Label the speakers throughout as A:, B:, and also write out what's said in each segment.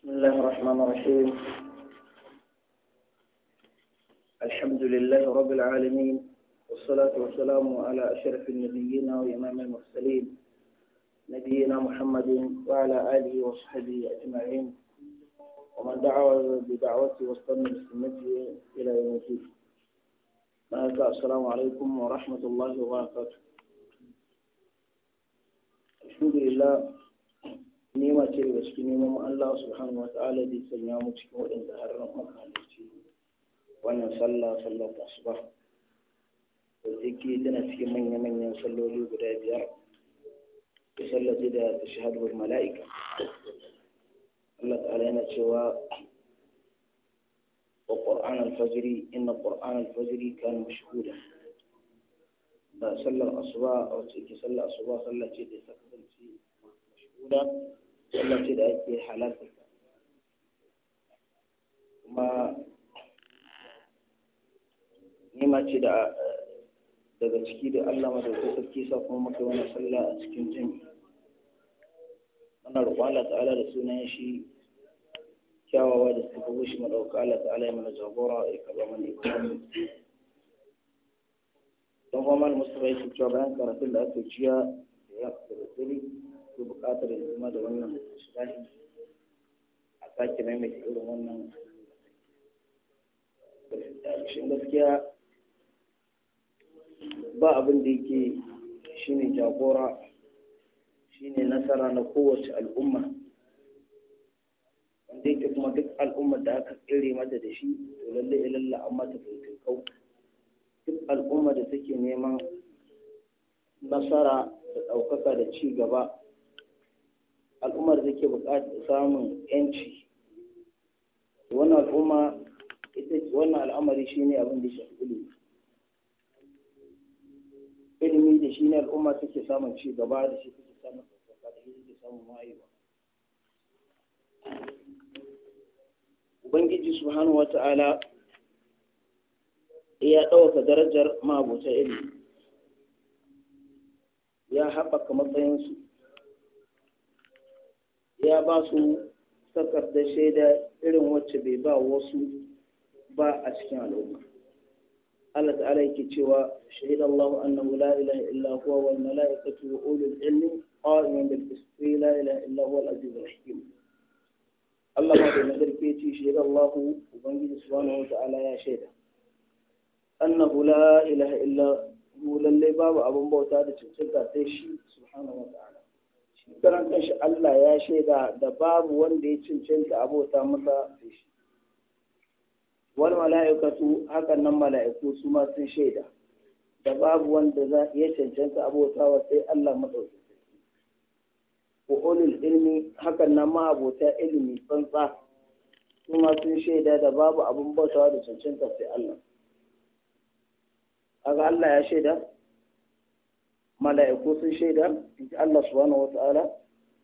A: بسم الله الرحمن الرحيم الحمد لله رب العالمين والصلاة والسلام على أشرف النبيين وإمام المرسلين نبينا محمد وعلى آله وصحبه أجمعين ومن دعا بدعوته واستنى بسنته إلى يوم الدين السلام عليكم ورحمة الله وبركاته الحمد لله nema ce daga cikin neman Allah subhanahu wa ta'ala zai sanya mu cikin waɗanda har ran mahalarci wannan sallah sallar asuba da take tana cikin manya-manyan salloli guda biyar da sallar da tashahadul mala'ika Allah ta'ala yana cewa wa qur'an al-fajr inna qur'an al-fajr kana mashhuda da sallar asuba wacce ke sallar asuba sallar ce da ta kasance suna sallah ce da ake halarta kuma nima ce da daga ciki da Allah madaukakin sarki sa kuma muka wani sallah a cikin jami'i muna roƙon Allah ta'ala da sunan shi kyawawa da suka shi madauka Allah ta'ala ya mana jagora ya kaba mana ikon don kuma mara musulmai su cewa bayan karatun da aka ciya da ya da dare akwai buƙatar ya zama da wannan shirahi a sake maimaita irin wannan shin gaskiya ba abin da yake shine jagora shine nasara na kowace al'umma wanda yake kuma duk al'ummar da aka tsere mata da shi to lalle ilalla an mata fintin kau duk al'ummar da take neman nasara da ɗaukaka da ci gaba al'ummar da ke buƙatar samun yanci wannan al'umma ita wannan al'amari shi ne abin da shafi ilimi ilimi da shi ne al'umma ke samun ci gaba da shi ke samun sauƙaƙa da shi take samun wayewa ubangiji subhanahu wata'ala ya ɗauka darajar mabota ilimi ya haɓaka matsayinsu ya ba su takardar shaida irin wacce bai ba wasu ba a cikin al'umma Allah ta'ala yake cewa shahida Allah annahu la ilaha illa huwa wal mala'ikatu wa ulul ilmi qa'iman bil qisti la ilaha illa huwa al aziz al hakim Allah ma da nazarfe ce shahida Allah ubangiji subhanahu wa ta'ala ya shaida annahu la ilaha illa hu lalle babu abun bauta da cancanta sai shi subhanahu wa ta'ala karan kanshi Allah ya shaida da babu wanda ya cancanta abota masa sai shi wani mala'ikatu hakan nan mala'iku su ma sun shaida da babu wanda za ya cancanta abotawa sai Allah matsauki wa onil ilmi hakan nan ma abota ilimi tsantsa su ma sun shaida da babu abin bautawa da cancanta sai Allah kaga Allah ya shaida mala'iku sun shaida in ji Allah subhanahu wata'ala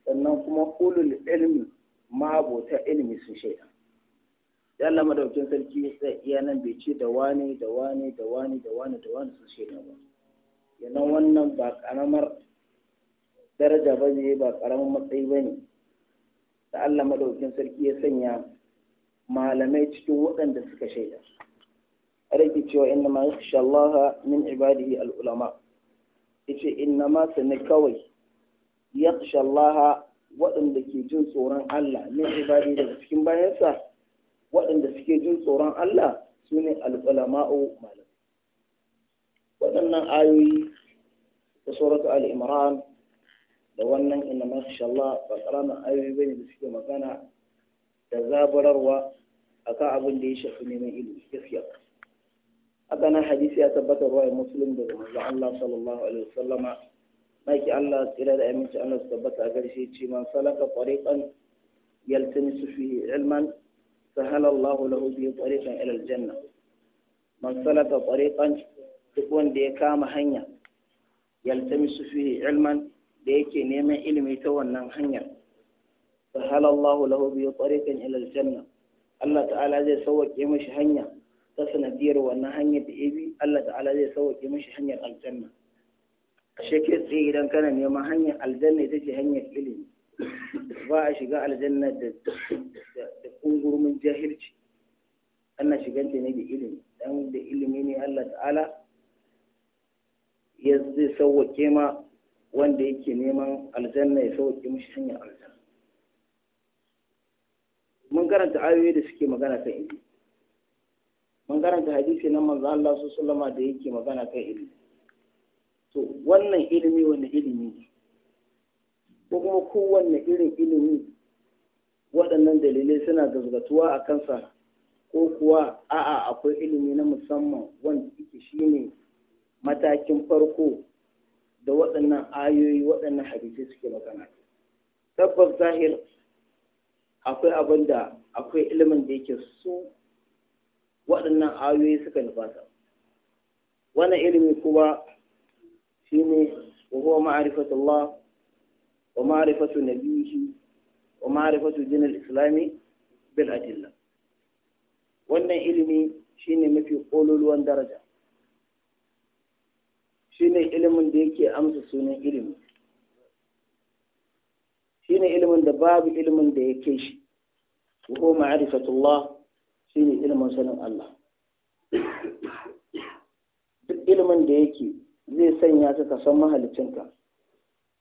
A: sannan kuma ulul ilmi ma'abota ilmi sun shaida Yalla madaukin sarki sai iya nan bai ce da wani da wani da wani da wani da wani sun shaida ba yana wannan ba karamar daraja ba ne ba karamar matsayi ba ne da Allah madaukin sarki ya sanya malamai cikin waɗanda suka shaida A cewa inna ma yakhsha Allah min ibadihi al-ulama yace inna ma sani kawai yakhsha Allah waɗanda ke jin tsoron Allah min ibadi daga cikin bayansa waɗanda suke jin tsoron Allah su ne al'ulama'u waɗannan ayoyi da suratu al-imran da wannan inna ma Allah ba ƙaramin ayoyi bane da suke magana da zaburarwa akan abin da ya shafi neman ilimi gaskiya haka nan hadisi ya tabbatar ruwayar muslim daga manzon Allah sallallahu alaihi wasallama maki Allah tsira da aminci Allah su tabbata a garshe ce man salaka tariqan yaltamisu ilman sahala Allah lahu bihi tariqan ila aljanna man salaka tariqan kama hanya yaltamisu fihi ilman da neman ilimi ta wannan hanyar sahala Allah lahu bihi tariqan ila Allah ta'ala zai sauwake mashi hanya ta sanadiyar wannan hanyar da ya bi Allah ta'ala zai sauke mashi hanyar aljanna A ke tsaye idan kana neman hanyar aljanna ita ce hanyar ilimi ba a shiga aljanna da da jahilci ana shiganta ne da ilimi dan da ilimi ne Allah ta'ala ya zai sauke ma wanda yake neman aljanna ya sauke mashi hanyar aljanna mun karanta ayoyi da suke magana kan ilimi mun karanta hadisi na manzo Allah su sallama da yake magana kan ilimi to wannan ilimi wanda ilimi ko kuma kowanne irin ilimi waɗannan dalilai suna zugatuwa a kansa ko kuwa a'a akwai ilimi na musamman wanda yake shine matakin farko da waɗannan ayoyi waɗannan hadisi suke magana tabbas zahir akwai abin akwai ilimin da yake su waɗannan ayoyi suka sa wannan ilimi kuma shi ne wa huwa ma'rifatullah wa ma'rifatu nabiyhi wa ma'rifatu dinil islami bil adilla wannan ilimi shine mafi kololuwan daraja shine ilimin da yake amsa sunan ilimi shine ilimin da babu ilimin da yake shi wa huwa ma'rifatullah ilimin sanin Allah duk ilimin da yake zai sanya ka ka san mahalicinka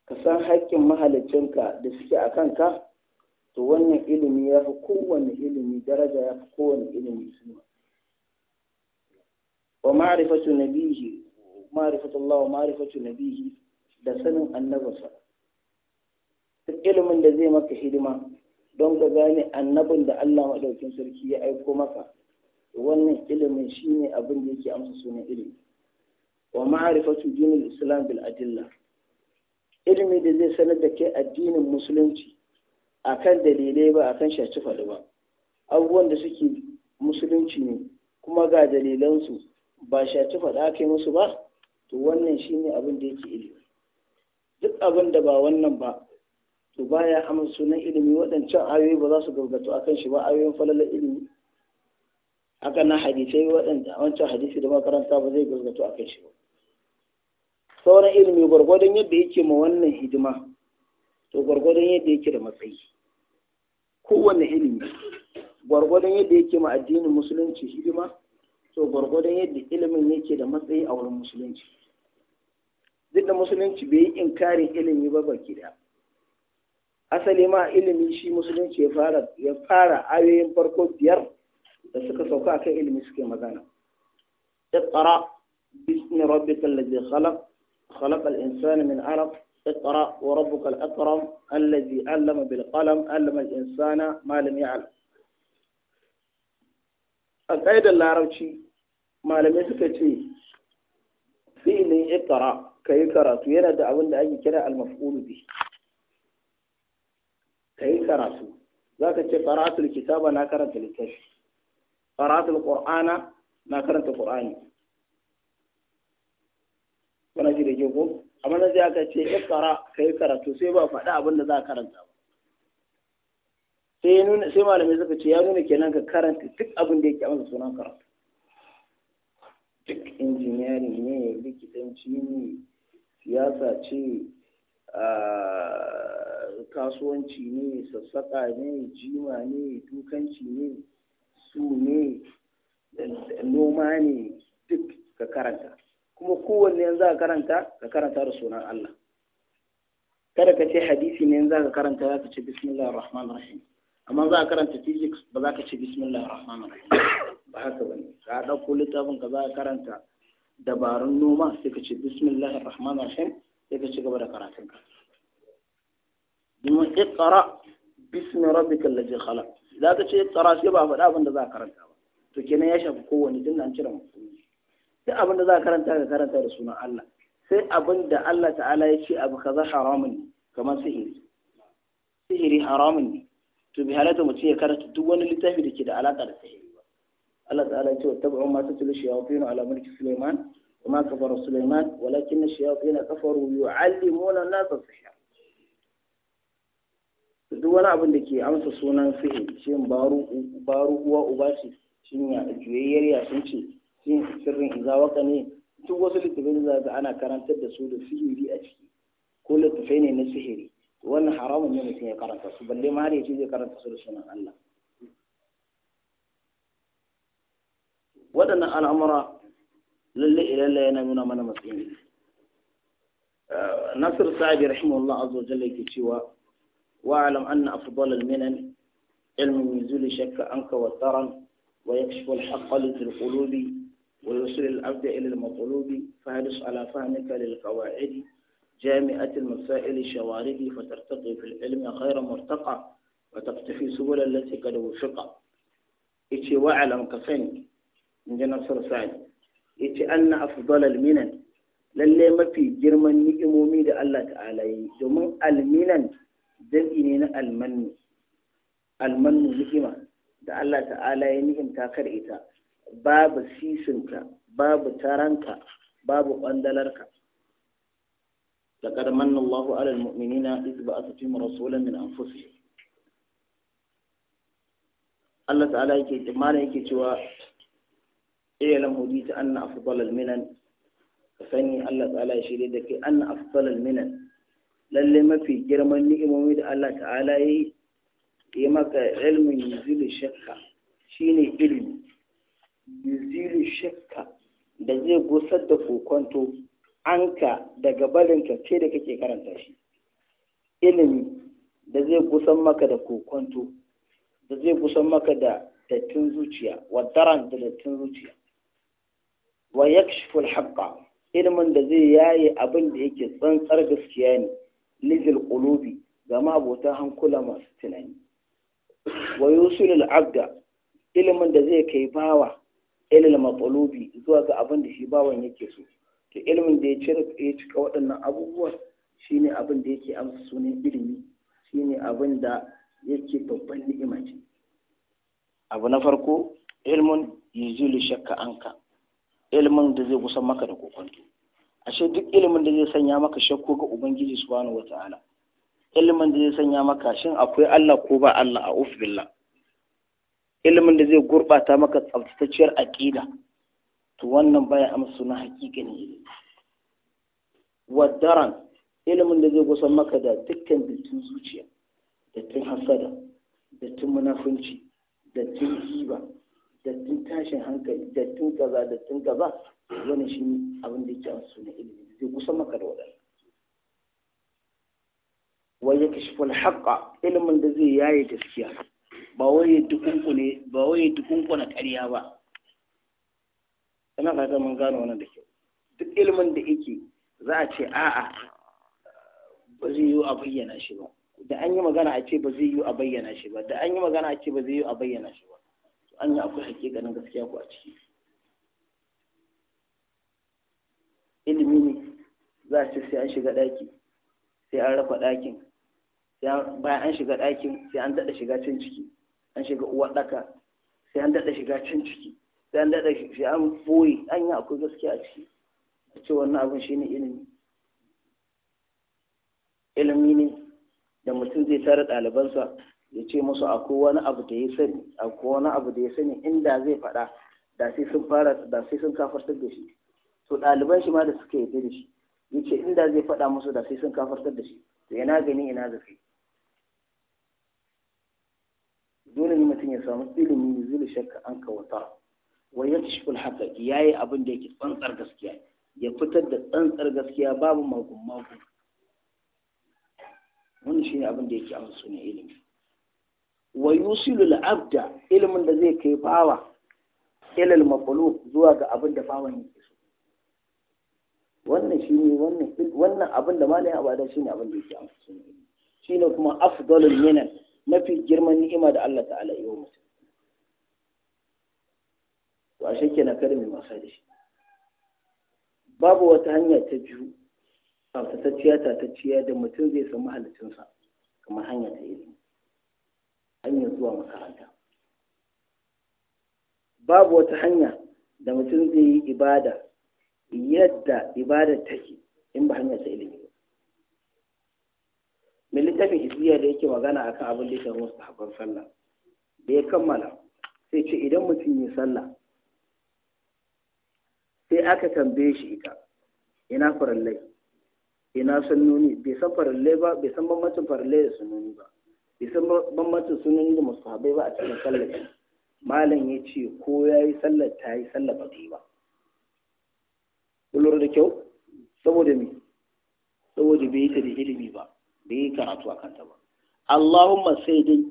A: ka san haƙƙin mahalicinka da suke a kanka to wannan ilimi ya fi kowane ilimi daraja ya fi kowane ilimi ne. wa ma'rifatu nabihi ma'arifatu Allah wa ma'rifatu nabihi da sanin annabinsa duk ilimin da zai maka hidima don ka gane annabin da Allah maɗaukin sarki ya aiko maka wannan ilimin shine abin da yake amsa sunan ilimi wa ma'arifatu dinin islam bil adilla ilimi da zai sanar da kai addinin musulunci akan dalilai ba akan shaci faɗi ba abubuwan da suke musulunci ne kuma ga dalilansu ba shaci faɗa aka yi musu ba to wannan shine abin da yake ilimi duk abin da ba wannan ba to baya amsa sunan ilimi waɗancan ayoyi ba za su gargato akan shi ba ayoyin falalar ilimi haka na hadisai waɗanda wancan hadisi da makaranta ba zai gargato a kai shi ba sauran ilimi gwargwadon yadda yake ma wannan hidima to gwargwadon yadda yake da matsayi kowane ilimi gwargwadon yadda yake ma addinin musulunci hidima to gwargwadon yadda ilimin yake da matsayi a wurin musulunci duk da musulunci bai yi inkarin ilimi ba baki da asali ma ilimi shi musulunci ya fara ya fara ayoyin farko biyar da suka sauka akan ilimi اقرأ باسم ربك الذي خلق خلق الإنسان من عرق اقرأ وربك الأكرم الذي علم بالقلم علم الإنسان ما لم يعلم القيد اللاربشي ما لم يسكتي فيني اقرأ كي كرات وينا دعوان اي كرا المفعول به كي كرات ذاك قرأت الكتاب أنا كرت الكشف qara'atul qur'ana na karanta qur'ani wannan shi da ke ko amma na sai aka ce fara kai karatu sai ba faɗa abin da za ka karanta ba sai nuna sai malamai suka ce ya nuna kenan ka karanta duk abin da yake amsa sunan karatu duk injiniyari ne likitanci ne siyasa ce kasuwanci ne sassaƙa ne jima ne dukanci ne su ne noma ne duk ka karanta kuma kowanne yanzu za ka karanta ka karanta da sunan Allah kada ka ce hadisi ne za ka karanta za ka ce bismillah rahman rahim amma za ka karanta physics ba za ka ce bismillah rahman rahim ba haka ba ne ka ɗauko littafin ka za ka karanta dabarun noma sai ka ce bismillah rahman rahim sai ka ci gaba da karatun ka domin iqra bismi rabbikal ladzi khalaq za ta ce tsara sai ba faɗa abin da za a karanta ba to kenan ya shafi kowane tun an cire musulmi sai abin da za a karanta ga karanta da sunan Allah sai abin da Allah ta'ala ya ce abu kaza haramun ne kamar sihiri sihiri haramun ne to bi halatta mutum ya karanta duk wani littafi da ke da alaka da sihiri ba Allah ta'ala ya ce wa tabu'un ma tatlu shayatin ala mulki Sulaiman wa ma kafara Sulaiman walakin ash-shayatin kafaru yu'allimuna an-nasa sihr duk wani abin da ke amsa sunan sihiri shi baru uwa uba shi, shin ya juyayyar ya sun ce shin sirrin izawaka ne duk wasu littafin da za ana karantar da su da sihiri a ciki ko littafai ne na sihiri wannan haramun ne mutum ya karanta su balle ma ya ce zai karanta su da sunan Allah waɗannan al'amura lalle ilalla yana nuna mana matsayin Nasir Sa'adi rahimahullah azza wa jalla yake cewa واعلم أن أفضل المنن علم يزول شك عنك وترا ويكشف الحق للقلوب ويوصل العبد إلى المطلوب فهرس على فهمك للقواعد جامعة المسائل الشوارد فترتقي في العلم غير مرتقى وتقتفي سبل التي قد وفق إتي واعلم كفن من نصر سعد إتي أن أفضل المنن للي ما في جرم النئمومي لألا تعالى دومن المنن jam'i ne na almanni almannu ni'ima da Allah ta'ala ya ni'imta kar ita babu sisinka babu taranka babu kwandalarka laqad manna Allahu 'ala al-mu'minina idh ba'atha fihim rasulan min anfusihim Allah ta'ala yake mana yake cewa ilam ta anna afdal al-minan sani Allah ta'ala ya shirye da kai lalle mafi girman ni'imomi da Allah ta'ala yi yi maka ilmin yuzilu shakka shine ilimi yuzilu shakka da zai gusar da kokonto anka daga barinka ce da kake karanta shi ilimi da zai kusan maka da kokonto da zai kusan maka da dattin zuciya Wa daran da dattin zuciya wa yakshiful haqqa ilimin da zai yaye abin da yake tsantsar gaskiya ne lijil qulubi ga abota hankula masu tunani wa yusulul abda ilimin da zai kai bawa ilil matsalubi zuwa ga abin da shi bawan yake so to ilimin da ya cika waɗannan abubuwan shine abin da yake amsa sunan ilimi shine abin da yake babban ni'ima ce abu na farko ilmun yuzulu shakka anka ilmin da zai kusan maka da kokonto ashe duk ilimin da zai sanya maka shakku ga ubangiji subhanahu wata'ala ilimin da zai sanya maka shin akwai Allah ko ba Allah a billah ilimin da zai gurbata maka tsaftatacciyar aqida to wannan baya amsa na ne. ne wadaran ilimin da zai gusan maka da dukkan dukkan zuciya da tun hasada da tun munafunci da tun hiba dattun tashin hankali dattun kaza dattin kaza wani shi abin da yake an suna ilimi zai kusa maka da waɗanda wai ya kashi falhaƙa ilimin da zai yaye gaskiya ba wai ya dukunkune ba wai ya dukunkuna ƙarya ba ina fata mun gano wannan da kyau duk ilimin da yake za a ce a'a ba zai yiwu a bayyana shi ba da an yi magana a ce ba zai yiwu a bayyana shi ba da an yi magana a ce ba zai yiwu a bayyana shi ba an yi akwai hakikanin gaskiya ko a ciki ilimi ne za a ce sai an shiga ɗaki sai an rafa ɗakin bayan an shiga ɗakin sai an daɗa shiga can ciki an shiga uwa ɗaka sai an daɗa shiga can ciki sai an daɗa shi an boye an yi akwai gaskiya a ciki a ce wannan abin shi ne ilimi ilimi ne da mutum zai tara ɗalibansa ya ce musu akwai wani abu da ya sani akwai wani abu da ya sani inda zai faɗa da sai sun fara da sai sun kafartar da shi to ɗaliban shi ma da suka yi da shi ya ce inda zai faɗa musu da sai sun kafartar da shi to yana gani ina da kai dole ne mutum ya samu ilimi da zai shakka an kawata wai ya tashi shukul haka ya yi abin da yake tsantsar gaskiya ya fitar da tsantsar gaskiya babu magun magun wani shi ne abin da yake amsa sunan ilimi wa yusilul abda ilmin da zai kai bawa ilal maqlub zuwa ga abin da bawan yake so wannan shine wannan wannan abin da malai abada shine abin da yake amfani shine kuma afdalul minan mafi girman ni'ima da Allah ta'ala ya yi mutum to ashe kenan kada mai wasa da shi babu wata hanya ta biyu ta tatacciya da mutum zai samu halittunsa kamar hanya ta ilimi hanyar zuwa makaranta babu wata hanya da mutum zai yi ibada yadda ibada take in ba hanyar ta ilimi ba mai littafin hizbiya da yake magana akan abin da ya shafi mustahabban sallah da ya kammala sai ce idan mutum yi sallah sai aka tambaye shi ita ina farallai ina sannuni? bai san farallai ba bai san bambancin farallai da sannuni ba isan san bambancin sunan da musahabai ba a cikin sallar malam ya ce ko ya yi sallar ta yi sallar ba ta yi ba lura da kyau saboda me saboda bai yi ta da ilimi ba bai yi karatu a kanta ba Allahumma sai dai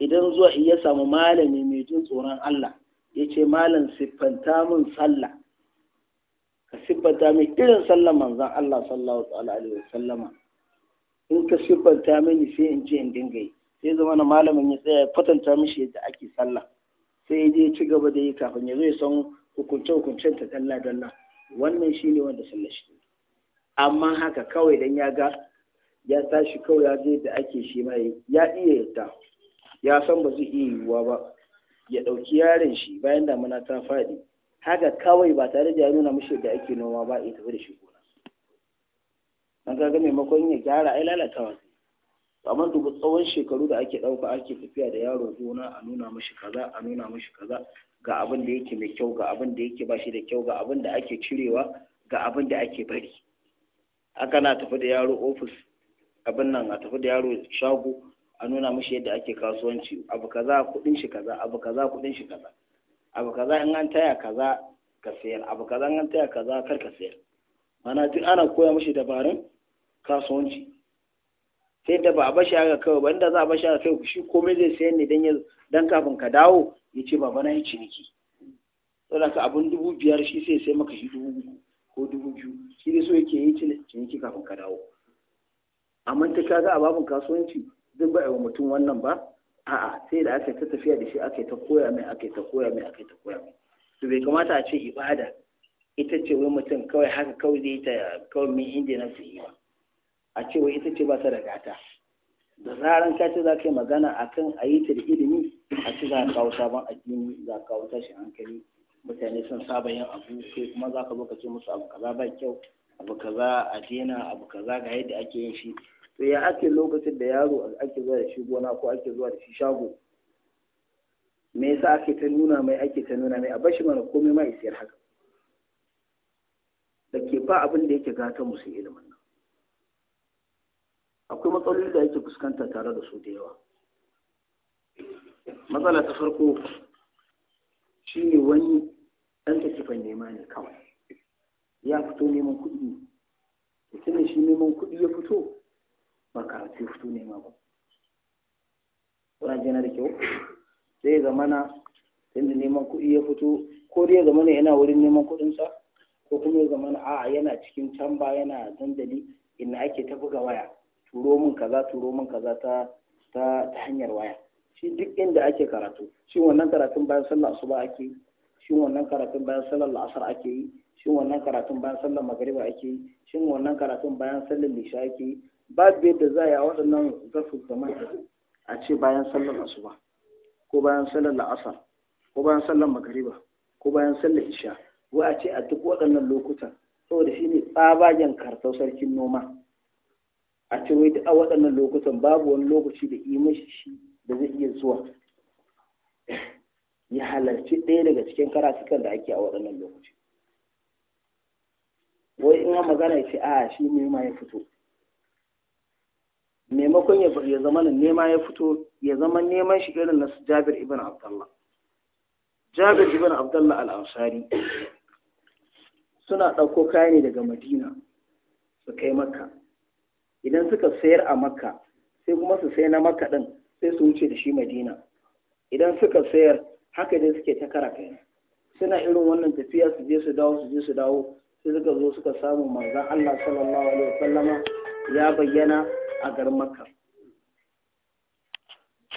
A: idan zuwa iya samu malami mai jin tsoron Allah ya ce malam siffanta min sallah ka siffanta min irin sallar manzan Allah sallallahu alaihi wasallama in ka siffanta mini sai in ce in dinga yi sai zama na malamin ya tsaya kwatanta mishi yadda ake sallah sai ya je ci gaba da yi kafin ya zo ya san hukunce hukuncen ta dalla dalla wannan shi ne wanda sallah shi amma haka kawai dan ya ga ya tashi kawai ya je da ake shi ma ya iya yadda ya san ba zai iya yiwuwa ba ya ɗauki yaron shi bayan damuna ta faɗi haka kawai ba tare da ya nuna mishi yadda ake noma ba ya tafi da shi an ga maimakon ya gyara ai lalatawa amma dubu tsawon shekaru da ake ɗauka ake tafiya da yaro gona a nuna mashi kaza a nuna mashi kaza ga abin da yake mai kyau ga abin da yake bashi da kyau ga abin da ake cirewa ga abin da ake bari haka na tafi da yaro ofis abin nan a tafi da yaro shago a nuna mashi yadda ake kasuwanci abu kaza kudin shi kaza abu kaza kudin shi kaza abu kaza in an taya kaza ka sayar abu kaza in an taya kaza kar ka sayar mana duk ana koya mashi dabarun kasuwanci sai da ba a bashi haka kawai ba inda za a bashi haka kawai shi komai zai sayan ne dan dan kafin ka dawo ya ce baba na yi ciniki saboda ka abin dubu biyar shi sai sai maka shi dubu biyu ko dubu biyu shi ne so yake yi ciniki kafin ka dawo amma ta kaga a babin kasuwanci duk ba a yi mutum wannan ba a'a sai da aka ta tafiya da shi aka ta koya mai aka ta koya mai aka ta koya mai to bai kamata a ce ibada ita ce wai mutum kawai haka kawai zai ta kawai mai inda na su yi ba a cewa ita ce ba ta da gata da zaran ka ce za ka yi magana a kan a yi ta da ilimi a ce za ka kawo sabon addini za ka kawo tashin hankali mutane sun saba yin abu sai kuma za ka zo ka ce musu abu kaza ba kyau abu kaza a daina abu kaza ga yadda ake yin shi to ya ake lokacin da yaro ake zuwa da shi gona ko ake zuwa da shi shago me yasa ake ta nuna mai ake ta nuna mai a bashi mana komai ma isiyar haka da ke ba abin da yake gata musu ilimin matsaloli da yake fuskanta tare da su da yawa matsala ta farko shi ne wani ɗan tafifan nema ne kawai ya fito neman kuɗi mutum shi neman kuɗi ya fito ba karatu ya fito nema ba kuna jana da kyau zai zamana inda neman kuɗi ya fito ko dai ya zamana yana wurin neman kuɗinsa ko kuma ya zamana a'a yana cikin can ba yana dandali inda ake tafi ga waya turo min kaza turo min kaza ta ta hanyar waya shi duk inda ake karatu shi wannan karatun bayan sallar asuba ake yi shi wannan karatun bayan sallar la'asar ake yi shi wannan karatun bayan sallar magariba ake yi shi wannan karatun bayan sallar lisha ake yi babu yadda za a yi a waɗannan zafi zaman a ce bayan sallar asuba ko bayan sallar la'asar ko bayan sallar magariba ko bayan sallar isha wai a ce a duk waɗannan lokutan saboda shi ne tsabagen kartau sarkin noma a ce wai a waɗannan lokutan babu wani lokaci da yi shi da zai iya zuwa ya halarci ɗaya daga cikin karatukan da ake a waɗannan lokaci wai in an magana ya ce a shi nema ya fito maimakon ya zama nema ya fito ya zama neman shi irin na jabir ibn abdullah jabir ibn abdullah al-ansari suna ɗauko kayan ne daga madina su kai makka idan suka sayar a makka sai kuma su sai na makka ɗin sai su wuce da shi madina idan suka sayar haka dai suke ta kara kai suna irin wannan tafiya su je su dawo su je su dawo sai suka zo suka samu manzon Allah sallallahu alaihi wasallama ya bayyana a garin makka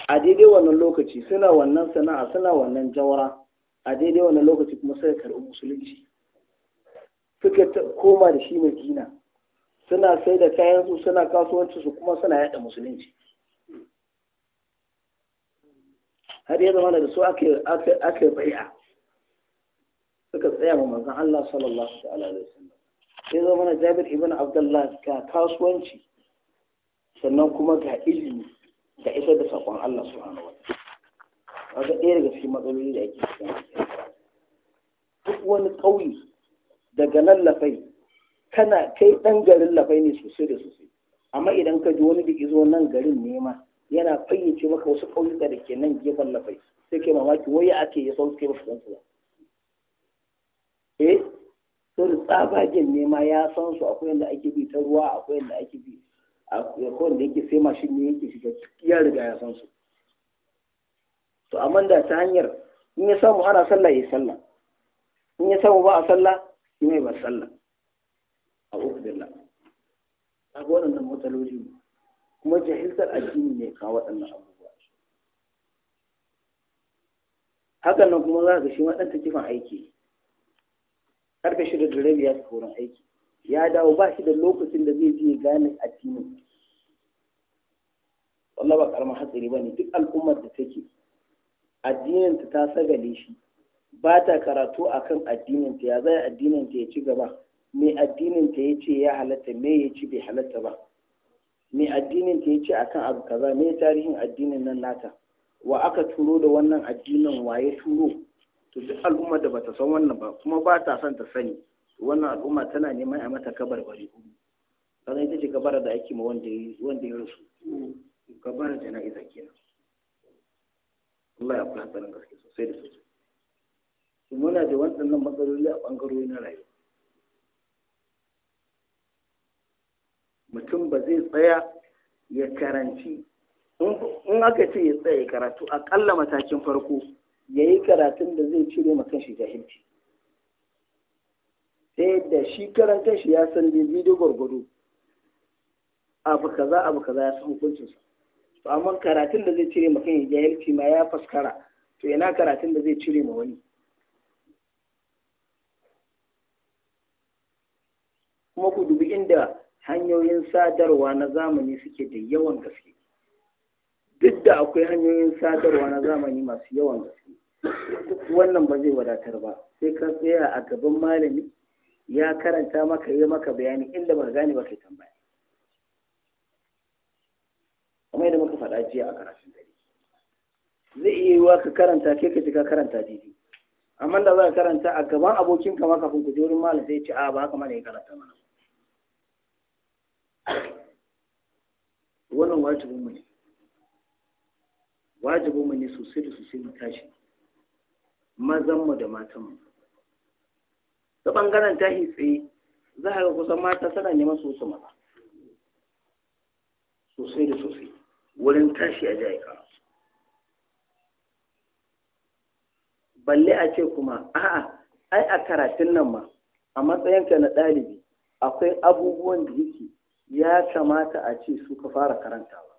A: a daidai wannan lokaci suna wannan sana'a suna wannan jawara a daidai wannan lokaci kuma sai karɓi musulunci suka koma da shi madina suna sai da kayansu suna kasuwanci su kuma suna yada musulunci har yi zama da su ake bai'a suka tsaya ma manzon Allah sallallahu alaihi wasallam sai zama na Jabir ibn Abdullah ga kasuwanci sannan kuma ga ilimi ga isar da saƙon Allah subhanahu wa ta'ala ɗaya daga cikin matsaloli da ake cikin duk wani ƙauye daga nan lafai kana kai ɗan garin lafai ne sosai da sosai amma idan ka ji wani da zo nan garin nema yana fayyace maka wasu ƙauyuka da ke nan gefen lafai sai kai mamaki waya ake ya san suke ba su ba eh to da tsabagen nema ya san su akwai yadda ake bi ta ruwa akwai yadda ake bi akwai wanda yake sai mashin ne yake shiga ya riga ya san su to amma da ta hanyar in ya samu ana sallah ya sallah in ya samu ba a sallah shi mai ba sallah kaga waɗannan matsaloli ne kuma jahiltar addini ne kawo waɗannan abubuwa hakan nan kuma za ka shi waɗanta kifin aiki karfe shida da rabi ya tafi wurin aiki ya dawo ba shi da lokacin da zai je gane addini wallah ba karamar hatsari ba ne duk al'ummar da take addininta ta sagale shi ba ta karatu akan addininta ya zai addininta ya ci gaba mai addinin ta yace ya halatta me yace bai halatta ba mai addinin ta yace akan abu kaza me tarihin addinin nan nata wa aka turo da wannan addinin waye turo to duk al'ummar da bata san wannan ba kuma ba ta son ta sani wannan al'umma tana neman a mata kabar bari kaza ita ce kabara da ake ma wanda wanda ya rasu kabara jana'iza kenan Allah ya kula nan gaske sosai da sosai muna da wannan matsaloli a bangarori na rayuwa ba zai tsaya ya karanci in aka ce ya tsaya karatu akalla matakin farko ya yi karatun da zai cire makan shi jahilci sai da shi karan shi ya san daidai da gwargwado abu kaza abu kaza ya san hukuncin sa amma karatun da zai cire makan shi jahilci ma ya faskara to yana karatun da zai cire ma wani kuma ku dubi inda hanyoyin sadarwa na zamani suke da yawan gaske duk da akwai hanyoyin sadarwa na zamani masu yawan gaske wannan ba zai wadatar ba sai ka tsaya a gaban malami ya karanta maka yi maka bayani inda ba gane ba kai tambaya kamar yadda muka faɗa jiya a karatun dare zai iya yiwuwa ka karanta ke ka ka karanta didi amma da za ka karanta a gaban abokinka maka kafin ku wurin malam sai ya ce a ba haka mana ya karanta mana Wannan wajibin mu ne mu ne sosai da sosai mu tashi mazan mu da matanmu ta ɓangaren tashi tsaye za a ga kusan mata tana neman su su maza sosai da sosai wurin tashi a jayika balle a ce kuma a'a ai a karatun nan ma a matsayinka na ɗalibi akwai abubuwan da yake ya kamata a ce su ka fara karantawa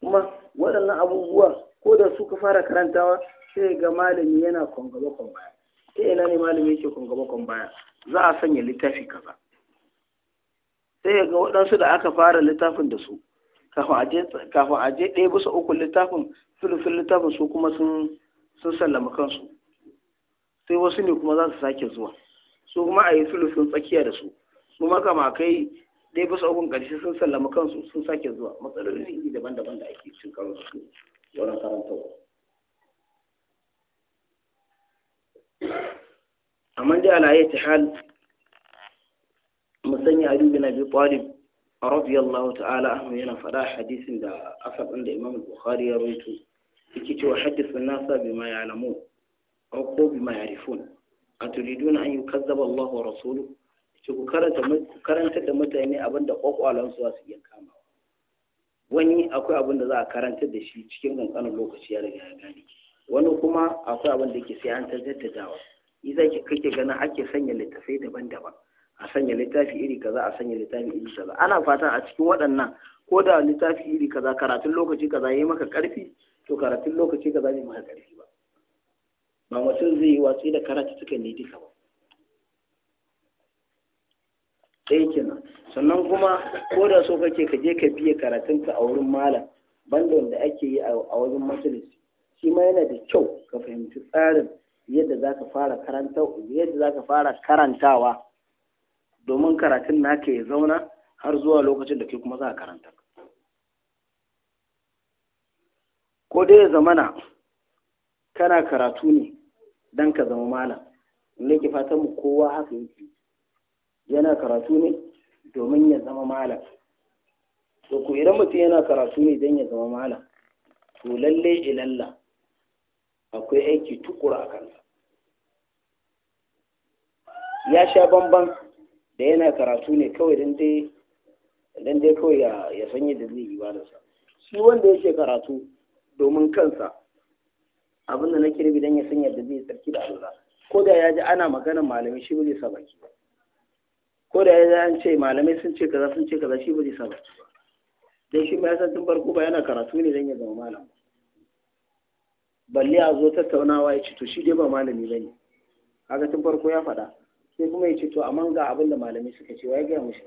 A: kuma waɗannan abubuwa ko da su ka fara karantawa sai ga malami yana kwangaba baya ta ina ne malami yake kwangaba baya za a sanya littafi kaza sai ga waɗansu da aka fara littafin da su kafin a je ɗaya bisa uku littafin filifin littafin su kuma sun sallama kansu sai wasu ne kuma za su sake zuwa su kuma a yi sulusun tsakiya da su su makamakai dai bisa ukun karshe sun sallama kansu sun sake zuwa matsaloli iri daban-daban da ake cin karo da su wannan karanta amma dai alaye ta hal musanya ali bin a talib radiyallahu ta'ala ahun yana faɗa hadisin da asar ɗin da imam bukhari ya rawaito yake cewa hadithu nasa ma ya alamu ko ya ya'rifun a an yi kazzaba Allah wa rasulu ce ku karanta da mutane abin da kwakwalansu za su iya kama wani akwai abin da za a karanta da shi cikin kankanin lokaci ya riga ya gani. wani kuma akwai abin da ke sai an ta jaddadawa idan kake ganin ake sanya littafai daban-daban a sanya littafi iri kaza a sanya littafi iri kaza ana fatan a cikin waɗannan ko da littafi iri kaza karatun lokaci kaza yayi maka ƙarfi to karatun lokaci kaza ne maka ƙarfi ba mutum zai yi watsi da karatu suka ne duka ba ɗaya kenan sannan kuma ko da so kake ka je ka biye karatunka a wurin malam banda wanda ake yi a wajen majalisi shi ma yana da kyau ka fahimci tsarin yadda za ka fara yadda za ka fara karantawa domin karatun naka ya zauna har zuwa lokacin da kai kuma za a karanta ko dai ya zamana kana karatu ne dan ka zama malam ne ki fatan mu kowa haka yake yana karatu ne domin ya zama malam to ku idan mutum yana karatu ne dan ya zama malam to lalle ilalla akwai aiki tukura a kansa ya sha bamban da yana karatu ne kawai dan dai dan dai kawai ya sanya da zai yi ba da sa shi wanda yake karatu domin kansa abin da na rubi don ya san yadda zai tsarki da Allah ko da ya ji ana maganar malamai shi bai sa baki ba ko da ya ji an ce malamai sun ce kaza sun ce kaza shi bai sa baki ba dan shi ya san tun farko ba yana karatu ne dan ya zama malam balle a zo tattaunawa ya ce to shi dai ba malami bane kaga tun farko ya faɗa sai kuma ya ce to amma ga abin da malami suka ce ya gaya mushi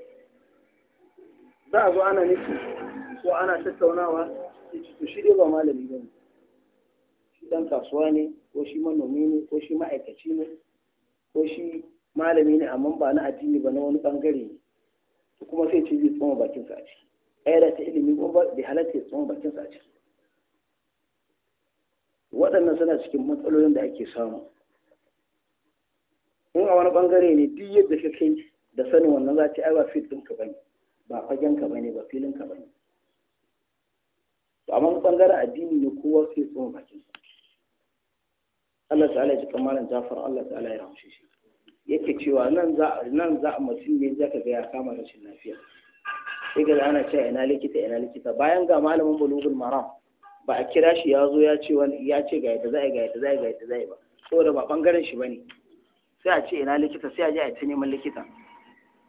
A: za a zo ana nufi ko ana tattaunawa ya ce to shi dai ba malami bane dan ɗan kasuwa ne ko shi manomi ne ko shi ma'aikaci ne ko shi malami ne amma ba na addini ba na wani bangare ne to kuma sai ce zai tsoma sa a ciki da ta ilimi ko ba bai halatta ya tsoma sa a ciki waɗannan suna cikin matsalolin da ake samu in a wani bangare ne duk yadda ka kai da sanin wannan za ta yi ba fit ɗinka ba ne ba fagen ka ba ne ba filin ka ba ne to amma bangaren addini ne kowa sai tsoma bakinsa Allah ta'ala ya cika malam Jafar Allah ta'ala ya rahmshe shi yake cewa nan za nan za mutum ne zaka ga ya kama rashin lafiya sai ga ana cewa ina likita ina likita bayan ga malamin bulugul maram ba a kira shi ya zo ya ce wani ya ce ga yadda za a ga yadda za a ga yadda za a ba saboda ba bangaren shi bane sai a ce ina likita sai a je a ta neman likita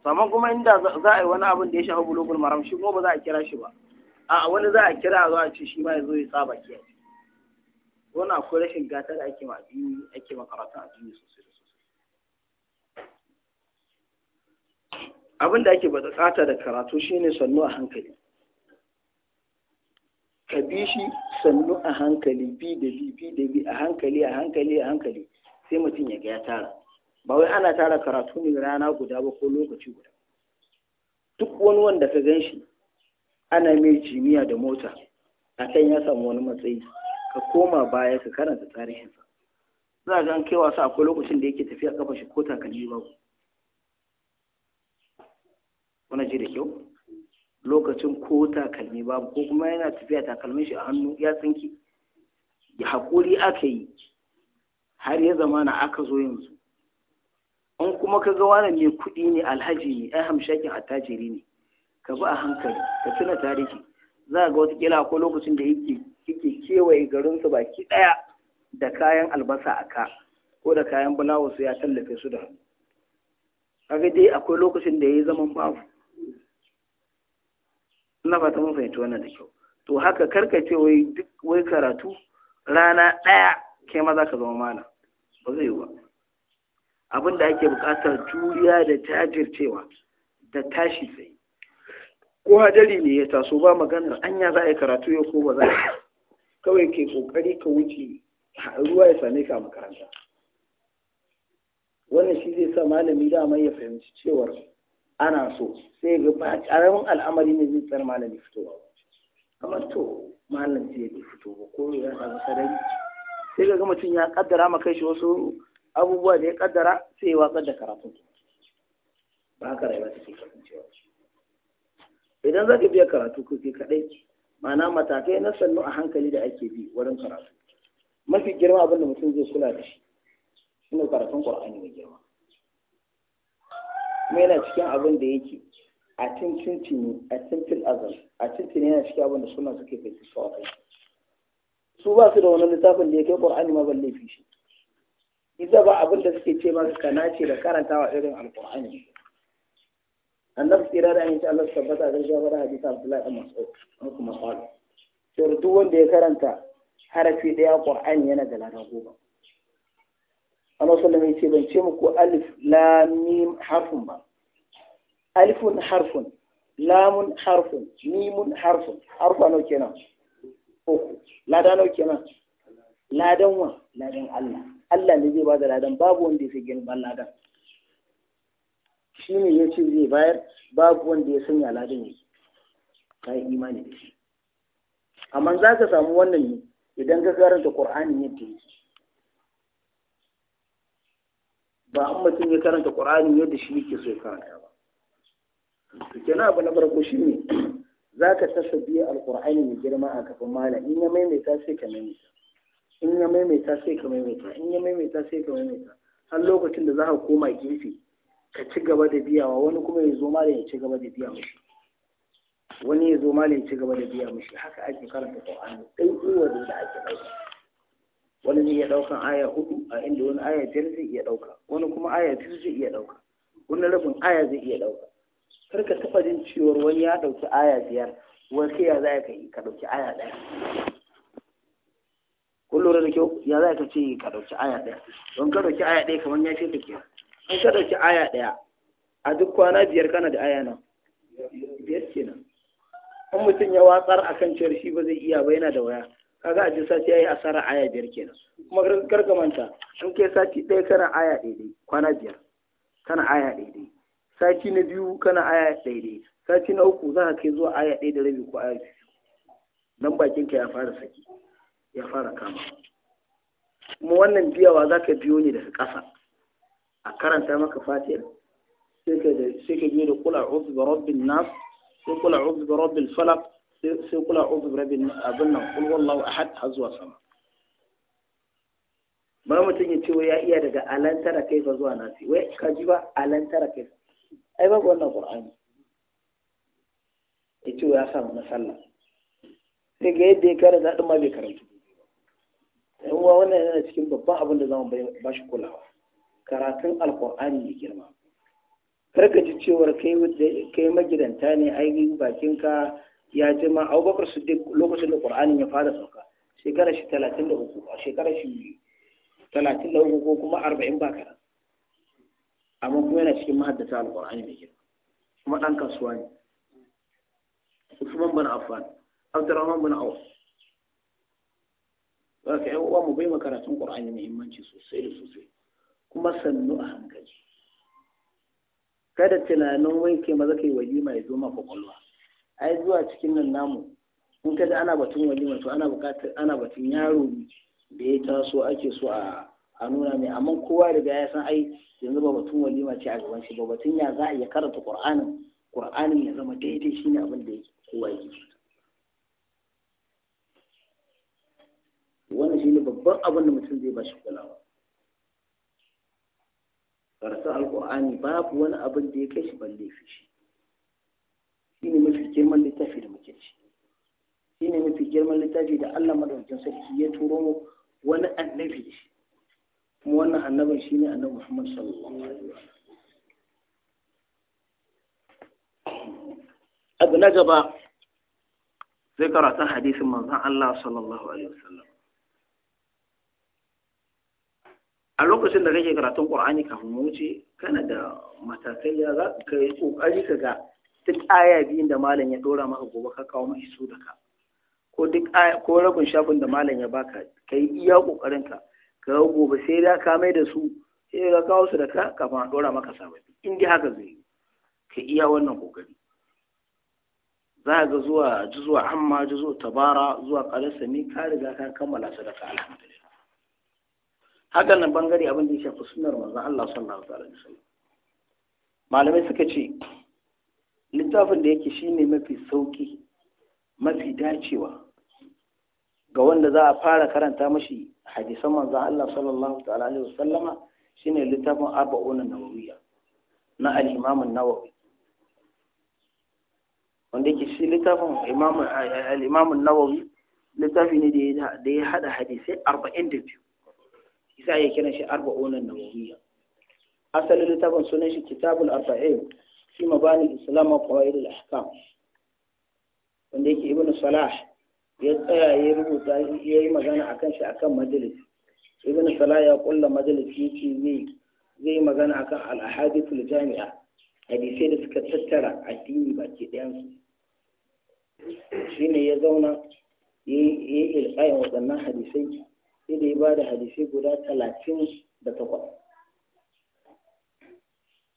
A: amma kuma inda za a yi wani abin da ya shafi bulugul maram shi kuma ba za a kira shi ba a wani za a kira zo a ce shi ma ya zo ya tsaba ki wannan akwai rashin gata da ake ma'adini ake ma addini sosai da sosai abin da ake bukata da karatu shine sannu a hankali ka bi shi sannu a hankali bi da bi bi da bi a hankali a hankali a hankali sai mutum ya ga ya tara ba wai ana tara karatu ne rana guda ba ko lokaci guda duk wani wanda ka gan shi ana mai jiniya da mota a kan ya samu wani matsayi ka koma baya ka karanta tarihinsa za ga an kai wasa akwai lokacin da yake tafiya kafa shi ko takalmi babu wani ji da kyau lokacin ko takalmi babu ko kuma yana tafiya takalmin shi a hannu ya tsinki ya haƙuri aka yi har ya zama na aka zo yanzu An kuma ka ga wani mai kuɗi ne alhaji ne ɗan hamshakin attajiri ne ka bi a hankali ka tuna tarihi za ga wata kila akwai lokacin da yake yake kewaye garinsu baki ɗaya da kayan albasa a ka ko da kayan bulawarsu ya tallafe su da kaga dai akwai lokacin da ya yi zaman babu Na fata mun fahimci wannan da kyau to haka karka ce wai karatu rana ɗaya kai ma ka zama mana, ba zai yi ba abin da ake buƙatar juriya da jajircewa da tashi sai ko hadari ne ya taso ba maganar anya za a yi karatu ya ko ba za a yi kawai ke kokari ka wuce ruwa ya same ka a makaranta wannan shi zai sa malami dama ya fahimci cewar ana so sai ga ba karamin al'amari ne zai tsar malami fitowa
B: amma to
A: malam sai ya fito ba ko ya samu sarari sai ga mutum ya kaddara ma kai shi wasu abubuwa da ya kaddara sai ya watsar da karatun ba ka rayuwa take kasancewa idan za ka biya karatu ko kai kadai ma'ana matakai na sannu a hankali da ake bi wurin karatu mafi girma abinda mutum zai kula da shi shine karatun qur'ani mai girma kuma yana cikin abin da yake a cikin tuni a cikin azal a cikin yana cikin abin da suna suke fahimci su kai su ba su da wani littafin da ya kai qur'ani ma ban laifi shi idan ba abin da suke ce ma ka nace da karantawa irin alqur'ani annabi tsira da ayyuka Allah tabbata ga jawar hadisi Abdullahi dan Mas'ud an kuma qala to duk wanda ya karanta harafi daya Qur'ani yana da ladan goma Allah sallallahu alaihi wasallam ya ce ban ce muku alif lam mim harfun ba alifun harfun lamun harfun mimun harfun harfa nawa kenan uku Ladan nawa kenan ladan wa ladan Allah Allah ne zai ba da ladan babu wanda ya fi girman ladan shi ne ya ce zai bayar babu wanda ya sanya ladan yake ka yi imani da shi amma za ka samu wannan ne idan ka karanta ƙur'ani yadda yake ba an mutum ya karanta ƙur'ani yadda shi yake so ya karanta ba to kenan abu na farko shi ne za ka tasabbiya alƙur'ani mai girma a kafin malam in ya maimaita sai ka maimaita in ya maimaita sai ka maimaita in ya maimaita sai ka maimaita har lokacin da za ka koma gefe ka ci gaba da biyawa wani kuma ya zo malam ya ci gaba da biya mishi wani ya zo malam ya ci gaba da biya mishi haka ake karanta Qur'ani dai uwa da ake dauka wani ne ya daukan aya hudu a inda wani aya biyar zai iya dauka wani kuma aya biyu zai iya dauka wani rabin aya zai iya dauka kar ka taba jin cewar wani ya dauki aya biyar wani ya za ka yi ka dauki aya daya kun lura da kyau ya za ka ce ka dauki aya daya don ka dauki aya daya kamar ya ce ka kenan in ka ɗauki aya ɗaya a duk kwana biyar kana da aya nan biyar kenan in mutum ya watsar a kan cewar shi ba zai iya ba yana da waya kaga a sati ya yi asara aya biyar kenan kuma gargamanta manta in kai sati ɗaya kana aya ɗaiɗai kwana biyar kana aya ɗaiɗai sati na biyu kana aya ɗaiɗai sati na uku za ka kai zuwa aya ɗaya da rabi ko aya biyu nan bakinka ya fara saki ya fara kama kuma wannan biyawa za ka biyo ne daga ƙasa karanta maka fatiha sai ka je da kula uzu rabbin nas sai kula uzu bi rabbil falaq sai kula uzu bi rabbin abin nan kul wallahu ahad har zuwa sama ba mutum ya ce wai ya iya daga alantara kai fa zuwa nasi wai ka ji ba alantara kai ai babu wannan qur'ani ya ce ya samu na sallah sai ga yadda ya karanta din ma bai karanta yan uwa wannan yana cikin babban abin da zamu ba shi kulawa karatun alkur'ani ya girma karka ji cewar kai magidanta ne ai bakinka ya jima abubakar su lokacin da Al-Qur'ani ya fara sauka Shekarar shi talatin da uku a shekarar shi talatin da uku ko kuma arba'in ba kara amma kuma yana cikin mahaddata alkur'ani da girma kuma ɗan kasuwa ne usman bin affan abdurrahman bin auf za ka yi uwa mu bai makaratun ƙur'ani muhimmanci sosai da sosai kuma sannu a hankali kada tunanin wanke maza kai walima ya zo maka kwakwalwa ai zuwa cikin nan namu in kada ana batun walima to ana bukatar ana batun yaro ne da ya taso ake so a a nuna mai amma kowa riga ya san ai yanzu ba batun walima ce a gaban shi ba batun ya za a iya karanta qur'anin qur'anin ya zama daidai shine abin da kowa yake wannan shine babban abin da mutum zai ba shi kulawa karsa alkur'ani babu wani abin da ya kai shi balle fi shi shine mafi girman littafi da muke ci shine mafi girman littafi da Allah madaukakin sarki ya turo mu wani annabi kuma wannan annabin shine annabi Muhammad sallallahu alaihi wasallam abu na gaba zai karatun hadisin manzon Allah sallallahu alaihi wasallam a lokacin da kake karatun ƙur'ani kafin mu wuce kana da matakai ya za ka yi ƙoƙari ka ga duk aya biyun da malam ya ɗora maka gobe ka kawo mai su da ka ko duk ko rabin shafin da malam ya baka yi iya kokarin ka ka ga gobe sai da ka mai da su sai ka kawo su da ka kafin a ɗora maka sababbi in dai haka zai yi ka iya wannan ƙoƙari. za ga zuwa juzuwa amma juzuwa tabara zuwa qadasami ka riga ka kammala sadaka alhamdulillah hakan nan bangare abin da ya shafi sunnar manzon Allah sallallahu alaihi wasallam malamai suka ce littafin da yake shine mafi sauki mafi dacewa ga wanda za a fara karanta mashi hadisan manzon Allah sallallahu alaihi wasallama shine littafin arba'una nawawiyya na al-Imam an-Nawawi wanda yake shi littafin Imam al-Imam an-Nawawi littafi ne da ya hada hadisai 42 isa ya kira shi arba'unan nawawiyya asalin littafin sunan shi kitabul arba'in fi mabani islam wa qawaid al ahkam wanda yake ibnu salah ya tsaya ya rubuta ya yi magana akan shi akan majalis ibnu salah ya kulla majalis yace zai yi magana akan al ahadithul jami'a hadisai da suka tattara addini baki su. shine ya zauna ya yi ilƙayin waɗannan hadisai sai da ya ba da hadisai guda talatin da takwas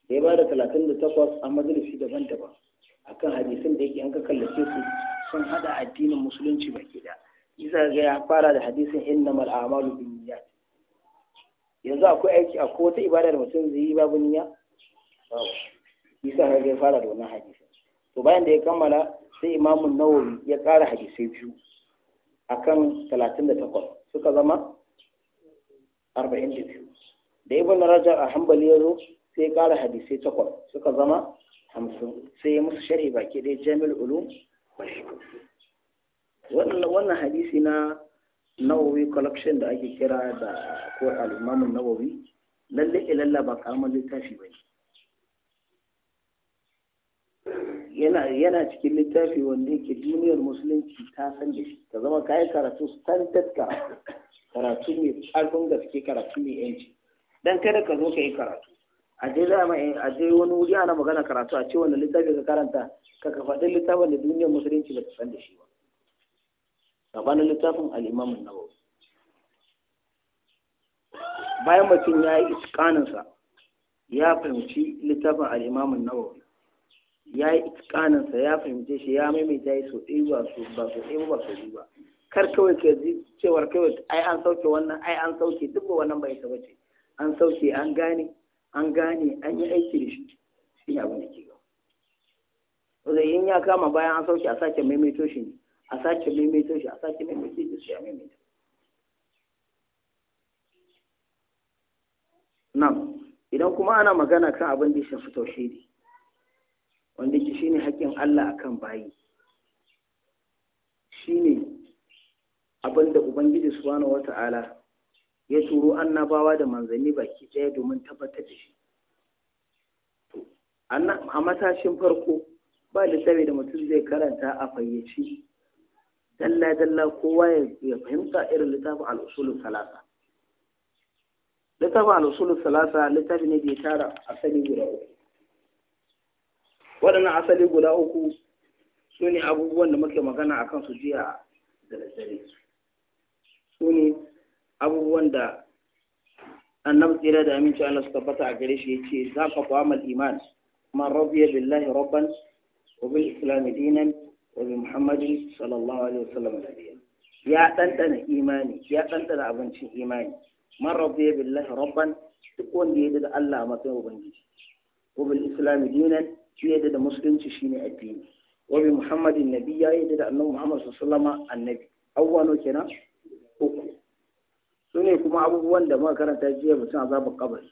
A: da ya ba da talatin da takwas a majalisi daban-daban akan hadisan da yake an ka kallace su sun hada addinin musulunci baki da isa ga ya fara da hadisin innamal a'malu niyya yanzu akwai aiki a wata ibada da mutum zai yi babu niyya isa ga ya fara da wannan hadisin to bayan da ya kammala sai imamun nawawi ya ƙara hadisai biyu akan talatin da takwas suka zama arba'in da biyu da ibn rajar a hambali ya sai kara hadisai takwas suka zama hamsin sai ya musu sharhi baki ɗaya jami'ul ulum wannan hadisi na nawawi collection da ake kira da ko al'imamun nawawi lalle ilalla ba kamar littafi ba yana cikin littafi wanda yake duniyar musulunci ta san da shi ka zama ka yi karatu standard karatu karatu mai ƙarfin gaske karatu mai yanci dan kada ka zo ka yi karatu a je za ma a je wani wuri ana magana karatu a ce wanda littafi ka karanta ka ka faɗi littafin da duniyar musulunci ba ta san da shi ba gabanin littafin al'imamun nawa. bayan mutum ya yi iskaninsa ya fahimci littafin al'imamun nawawi ya yi itikaninsa ya fahimce shi ya maimaita ya so ɗaya ba so ba so ɗaya ba so ba kar kawai ka ji cewar kawai ai an sauke wannan ai an sauke duk ba wannan bai saba ce an sauke an gane an gane an yi aiki da shi shi abin da ke gaba in ya kama bayan an sauke a sake maimaito shi ne a sake maimaito shi a sake maimaito shi a maimaito nan idan kuma ana magana kan abin da ya shafi ne. wanda shi shine haƙƙin Allah akan bayi shine abinda ubangiji subhanahu wata'ala ya turo annabawa da manzanni baki ɗaya domin tabbatar da shi a matashin farko ba littafi da mutum zai karanta a fayyaci dalla-dalla kowa ya fahimta irin littafin al'usulun salasa littafin al'usulun salasa littafi ne da ya tara asali guda uku waɗannan asali guda uku su ne abubuwan da muke magana a kansu jiya da daddare su ne abubuwan da annabi tsira da aminci Allah su tabbata a gare shi ya ce za ka kwamal iman Ma rabbiya billahi rabban wa bil islam dinan wa bi muhammadin sallallahu alaihi wasallam ya ɗanɗana imani ya ɗanɗana abincin imani man rabbiya billahi rabban duk wanda ya da Allah a matsayin ubangiji wa bil islam dinan shi yadda da musulunci shi ne addini wa bi muhammadin nabi ya yadda da annabi muhammad sallama annabi abubuwa kenan uku su ne kuma abubuwan da muka karanta jiya mutum a zaɓin kabari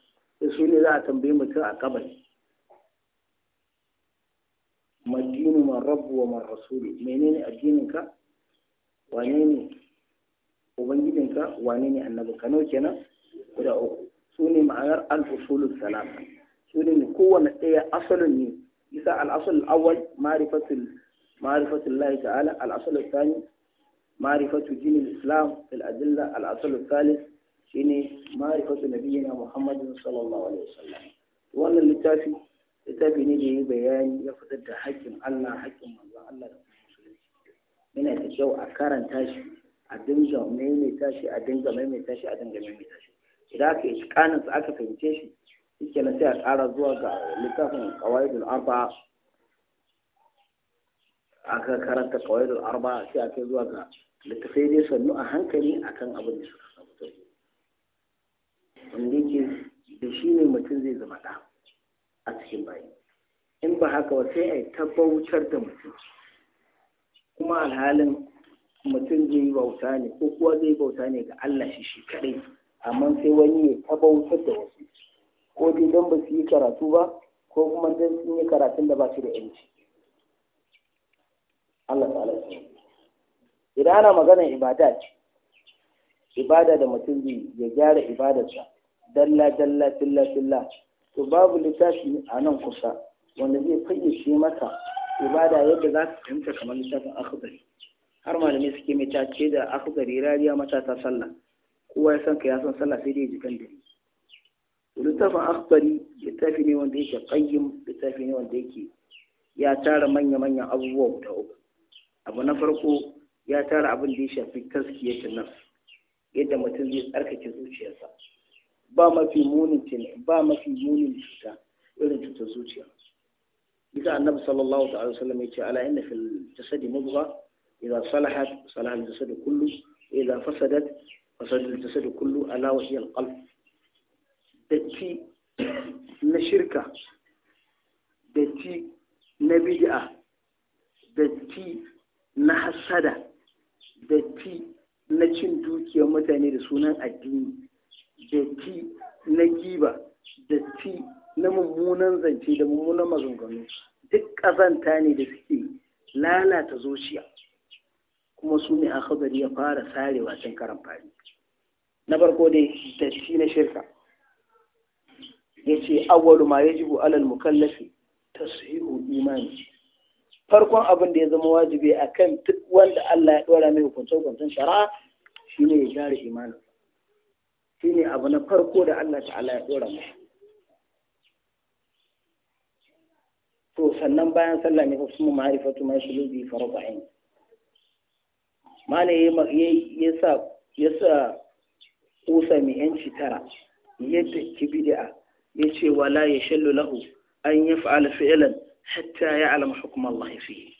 A: su ne za a tambayi mutum a kabari madinu man rabu wa man rasulu menene addininka wane ne ubangijinka wane ne annabi Ka kano kenan guda uku su ne ma'anar al-usulul salam su ne kowane ɗaya asalin ne يسا الأصل الأول معرفة معرفة الله تعالى الأصل الثاني معرفة دين الإسلام في الأدلة الأصل الثالث شيني معرفة نبينا محمد صلى الله عليه وسلم Wannan littafi littafi ne da ya bayani ya fitar da haƙƙin Allah haƙƙin manzon Allah da musulunci yana da kyau a karanta shi a dinga maimaita shi a dinga maimaita shi a dinga maimaita shi idan aka yi kanin aka fahimce shi yake na sai a ƙara zuwa ga littafin ƙawaidul arba aka karanta ƙawaidul arba sai a kai zuwa ga littafai dai sannu a hankali akan abin da suka samu sauki wanda yake da shi ne mutum zai zama ɗa a cikin bayi in ba haka ba sai a yi tabbatar da mutum kuma alhalin mutum zai yi bauta ne ko kuwa zai bauta ne ga Allah shi shi kaɗai amma sai wani ya tabbatar da wasu ko dai don ba su yi karatu ba ko kuma don sun yi karatun da ba su da yanci Allah ta'ala idan ana maganar ibada ce ibada da mutum zai ya gyara ibadarsa dalla dalla filla filla to babu littafi a nan kusa wanda zai fayyace maka ibada yadda za ka fahimta kamar littafin akhbari har malamai suke mai tace da akhbari rariya ta sallah kowa ya san ka ya san sallah sai dai jikan dare littafin akbari littafi ne wanda yake ƙayyim littafi ne wanda yake ya tara manya-manyan abubuwa guda uku abu na farko ya tara abin da ya shafi taskiyar nas yadda mutum zai tsarkake zuciyarsa ba mafi munin ba mafi munin cuta irin cuta zuciya bisa annabi sallallahu alaihi wasallam yace ala inna fil jasadi mudgha idza salahat salaha al jasadu kullu idza fasadat fasada al jasadu kullu ala wa hiya al qalb datti na shirka datti na bid'a datti na hasada datti na cin dukiyar mutane da sunan addini datti na giba datti na mummunan zance da mummunan maganganu duk ƙazanta ne da suke lalata zuciya kuma su ne a ya fara sarewa cin karan na farko dai datti na shirka yace awwalu ma yajibu alal mukallafi tashihu imani farkon abin da ya zama wajibi akan duk wanda Allah ya dora mai hukunce hukuncen shari'a shine ya gyara imanin shine abu na farko da Allah ta'ala ya dora mai to sannan bayan sallah ne kuma ma'rifatu ma shi lubi farqa'in mane ya sa ya sa kusa mai yanci tara yadda kibida yace wala yashillu lahu an yaf'ala fi'lan hatta ya'lama hukm Allah fihi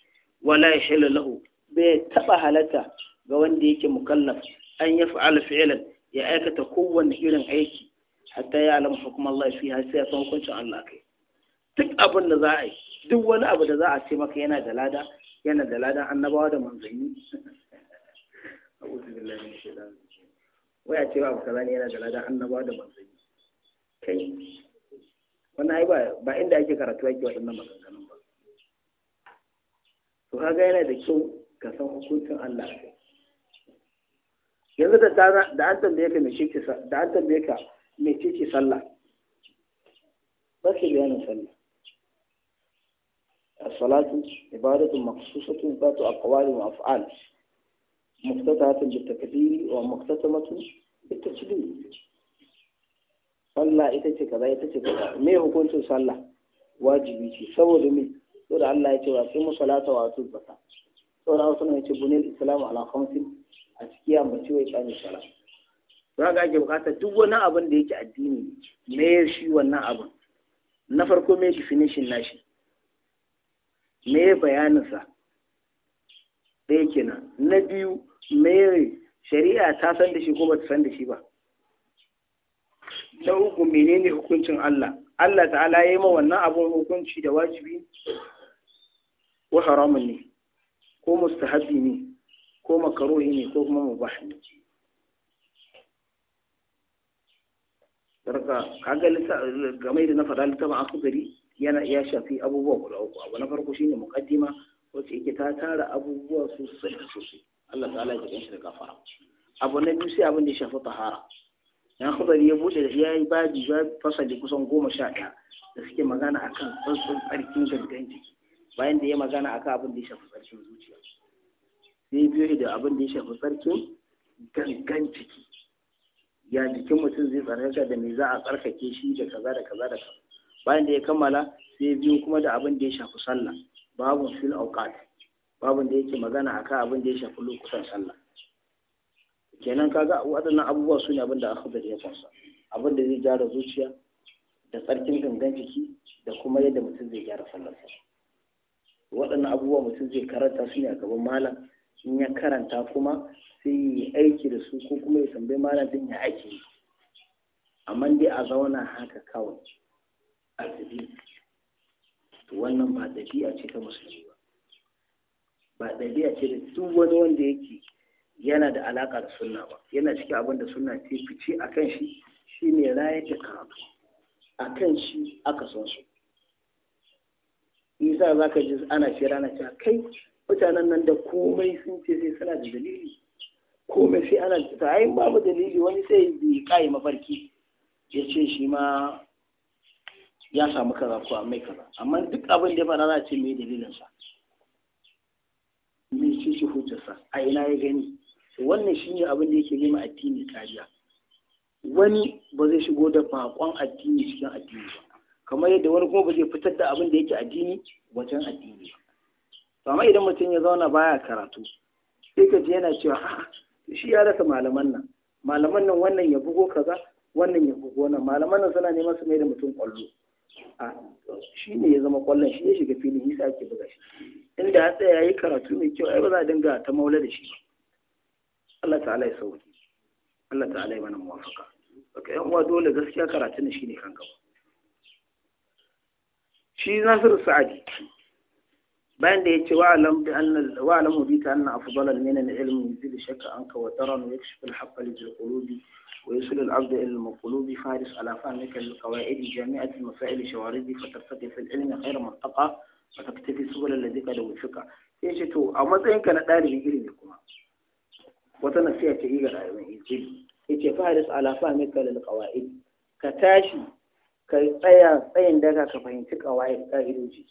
A: wala yashillu lahu bai taɓa halata ga wanda yake mukallaf an yaf'ala fi'lan ya aikata kowanne irin aiki hatta ya'lama hukm Allah fihi har sai ya san hukuncin Allah kai duk abin da za a yi duk wani abu da za a ce maka yana da lada yana da ladan annabawa da manzanni waya ce ba kaza ne yana da ladan annabawa da manzanni kai wannan ai ba inda ake karatu ake waɗannan maganganun ba to kaga yana da kyau ka san hukuncin Allah yanzu da da an tambaye ka mece ce da an tambaye ka mece sallah ba su bayanin sallah الصلاه عباده مخصوصه ذات اقوال وافعال مفتتحة بالتكبير ومختتمة بالتسليم sallah ita ce kaza ita ce kaza me hukuncin sallah wajibi ce saboda me saboda Allah ya ce wa kuma salata wa tu zakka saboda wasu ne ce bunil islamu ala khamsin a ciki ya mace wai tsani sallah to ga ake bukata duk wani abin da yake addini me shi wannan abin na farko me definition nashi me bayaninsa ɗaya kenan na biyu me shari'a ta san da shi ko ba ta san da shi ba ta uku menene hukuncin Allah Allah ta'ala ya yi ma wannan abun hukunci da wajibi ko haramun ne ko mustahabi ne ko makaruhi ne ko kuma mubah ne sarka kaga game da na faɗa littafin akubari yana ya shafi abubuwa guda uku abu na farko shine muqaddima wacce yake ta tara abubuwa sosai sosai Allah ta'ala ya gaban shi da gafara. abu na biyu sai abin da ya shafi tahara ya khabari ya buɗe da yayi baji ya fasali kusan goma sha ɗaya da suke magana akan tsantsan tsarkin gangan jiki bayan da ya magana akan abin da ya shafi tsarkin zuciya sai biyo da abin da ya shafi tsarkin gangan ciki ya jikin mutum zai tsarkaka da me za a tsarkake shi da kaza da kaza da kaza bayan da ya kammala sai biyo kuma da abin da ya shafi sallah babu fil auqat babun da yake magana akan abin da ya shafi lokutan sallah kenan kaga waɗannan abubuwa su ne abin da ya abin da zai gyara zuciya da tsarkin gangan jiki da kuma yadda mutum zai gyara sallarsa waɗannan abubuwa mutum zai karanta su ne a gaban malam in ya karanta kuma sai yi aiki da su ko kuma ya tambayi malam din ya aiki amma dai a zauna haka kawai a tafi wannan ba ɗabi'a ce ta musulmi ba ba ɗabi'a ce da duk wani wanda yake yana da alaƙa da sunna ba yana cikin abin da sunna ce fice a kan shi shi ne rayar da karatu a kan shi aka son su nisa za ka ji ana ce rana cewa kai mutanen nan da komai sun ce sai suna da dalili komai sai ana ta ayin babu dalili wani sai bai kai mafarki ya ce shi ma ya samu kaza ko a mai kaza amma duk abin da ya faɗa za a ce mai dalilinsa mai ce shi hujjarsa a ina ya gani wannan shine abin da yake nema addini kariya wani ba zai shigo da bakon addini cikin addini ba kamar yadda wani kuma ba zai fitar da abin da yake addini wajen addini ba amma idan mutum ya zauna baya karatu sai ka ji yana cewa a shi ya rasa malaman nan malaman nan wannan ya bugo kaza wannan ya bugo wannan malaman nan suna neman su mai da mutum kwallo a shi ne ya zama kwallon shi ya shiga filin sa ake buga shi inda ya tsaya ya yi karatu mai kyau ai ba za a dinga ta maula da shi ba الله تعالى يسوي الله تعالى يبنى موافقة أوكي هو دول بس يا ترى تنشيني كان قبل شي نصر السعدي بين ذي وعلم بأن وعلم بيك أن أفضل من العلم يزيد الشك عنك وترى ويكشف الحق للقلوب ويصل العبد إلى المقلوب فارس على فهمك القواعد جامعة المسائل شواردي فترتقي في العلم غير منطقة وتكتفي سبل الذي قد وفقه ايش تو او مثلا كان قال لي كمان wata nasiha ce ga rayuwar fa yace faris ala mai lil qawaid ka tashi ka tsaya tsayin daga ka fahimci qawaid ka'idoji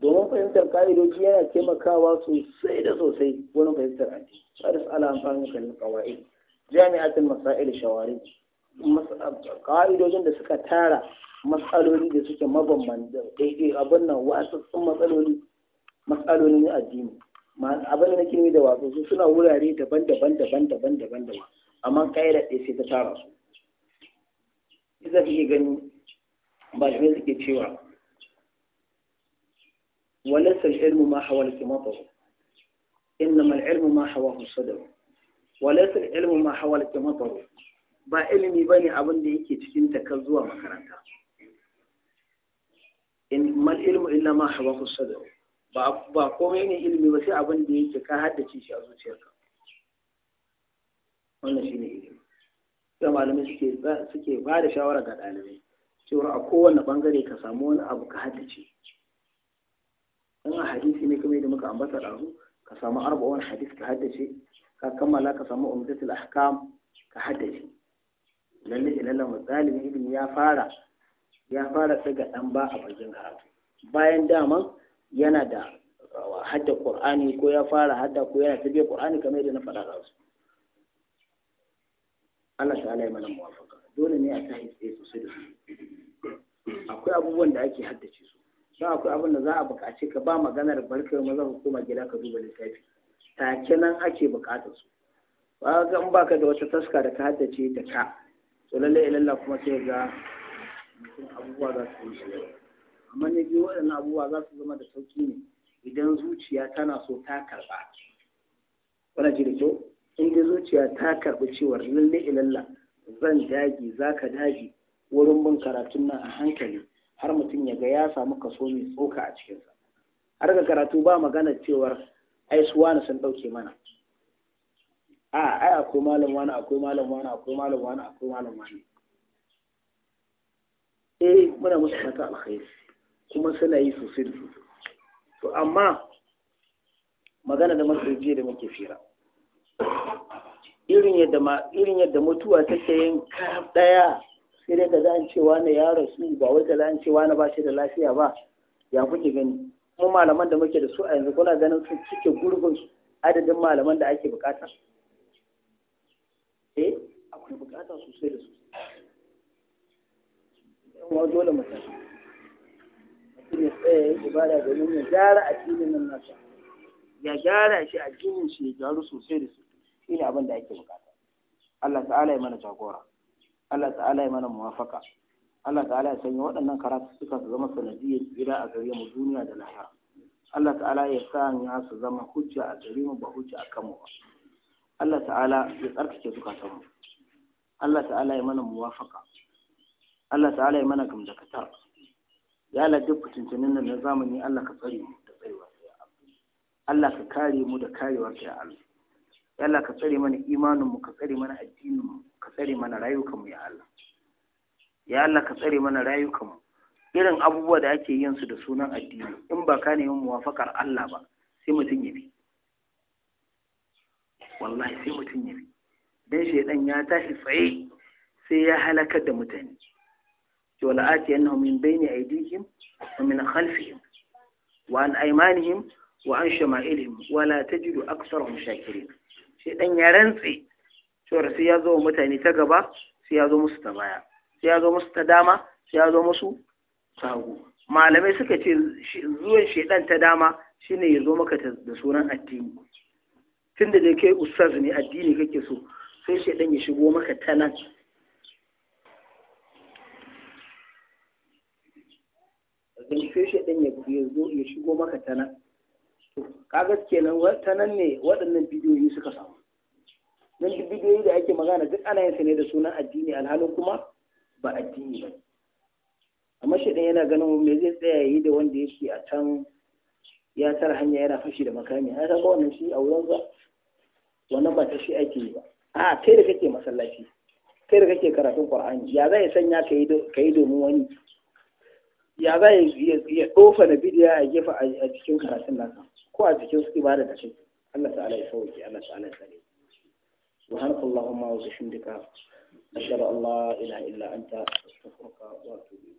A: domin fahimtar ka'idoji yana taimakawa sosai da sosai wani fahimtar addini faris ala fahmika lil qawaid jami'atul masail shawari ka'idojin da suka tara matsaloli da suke mabambanta daidai eh, eh, abin nan wasu matsaloli matsalolin addini abin da nake da wato su suna wurare daban-daban daban-daban daban-daban amma kayar ɗaya sai ta tara su isa kake gani ba shi suke cewa ilmu ma hawa inna ma ilmu ma hawa إنما sadar ما حواه ilmu ma hawa ما حوى التماطه ba ilimi bane abin da yake cikin ta zuwa makaranta in mal ilmu illa ma hawa sadar ba komai ne ilimi ba sai abin da yake ka haddace shi a zuciyarka wannan shi ne ilimi sai malamai suke suke ba da shawara ga ɗalibai cewa a kowane bangare ka samu wani abu ka haddace in a hadisi ne kamar da muka ambata ɗazu ka samu arba'un hadis ka haddace ka kammala ka samu umdatul ahkam ka haddace lalle ilallan ɗalibin ilimi ya fara ya fara ɗan ba a bakin karatu bayan daman yana da hadda qur'ani ko ya fara hadda ko yana tafiya qur'ani kamar yadda na faɗa da su
B: Allah ta ala mana
A: muwafaka dole ne a tashi tsaye sosai da su akwai abubuwan da ake haddace su don akwai abin da za a buƙace ka ba maganar barkar maza ka koma gida ka duba littafi take nan ake buƙatar su ba zan in baka da wata taska da ka haddace da ka to lallai ilallah kuma sai ga abubuwa za su yi amma na biyu waɗannan abubuwa za su zama da sauki ne idan zuciya tana so ta karɓa wani ji da kyau in dai zuciya ta karɓi cewar lalle ilalla zan dage za ka dage wurin bin karatun nan a hankali har mutum ya ga ya samu kaso mai tsoka a cikinsa har ga karatu ba magana cewar ai su wani sun ɗauke mana a ai akwai malam wani akwai malam wani akwai malam wani akwai malam wani eh muna musu fata alkhairi kuma suna yi sosai da sosai to amma magana da masu da muke fira irin yadda irin yadda mutuwa take yin karab daya sai dai kaza an cewa na ya rasu ba wai kaza an cewa na ba shi da lafiya ba ya kuke gani kuma malaman da muke da su a yanzu kuna ganin su cike gurbin adadin malaman da ake bukata eh akwai bukata sosai da sosai dole mutane mutum ya tsaya ya ibada domin ya gyara addinin nan nasa ya gyara shi addinin shi ya gyaru sosai da sosai shi ne abin da ake bukata Allah ta'ala ya mana jagora Allah ta'ala ya mana muwafaka Allah ta'ala ya sanya waɗannan karatu suka su zama sanadiyyar gida a gare mu duniya da lahira Allah ta'ala ya sanya su zama hujja a gare mu ba hujja a kanmu ba Allah ta'ala ya tsarkake zukatanmu Allah ta'ala ya mana muwafaka Allah ta'ala ya mana gamdakatar ya la duk fitincinin nan na zamani Allah ka tsare mu da tsarewa ya Allah ka kare mu da karewar ya Allah ya Allah ka tsare mana imanin mu ka tsare mana addinin mu ka tsare mana rayukan mu ya Allah ya Allah ka tsare mana rayukan mu irin abubuwa da ake yin su da sunan addini in ba ka neman muwafakar Allah ba sai mutum ya bi wallahi sai mutum ya bi dan shedan ya tashi tsaye sai ya halakar da mutane ce wala ati annahum min bayni aydihim wa min khalfihim wa an aymanihim wa an shama'ilihim wala tajidu aktharahum shakirin sai dan ya rantse cewar ya zo mutane ta gaba sai ya zo musu ta baya sai ya zo musu ta dama sai ya zo musu malamai suka ce zuwan shedan ta dama shine ya zo maka da sunan addini tunda da kai ustaz ne addini kake so sai shedan ya shigo maka ta nan sai shaidan ya zo ya shigo maka ta nan kaga kenan ta nan ne waɗannan bidiyoyi suka samu nan duk bidiyoyi da ake magana duk ana yin sa ne da sunan addini alhalin kuma ba addini ba amma shaidan yana ganin me zai tsaya yi da wanda yake a can ya tara hanya yana fashi da makami a ga wannan shi a wurin ba wannan ba ta shi ake yi ba a kai da kake masallaci kai da kake karatun qur'ani ya zai sanya ka yi domin wani ya za ya ɗofa na bidiya a gefa a jikin karatun nasa ko a jikin su ibada da shi Allah ta'ala ya sauke Allah ta'ala ya tsare subhanakallahumma wa bihamdika ashhadu an la ilaha illa anta astaghfiruka wa atubu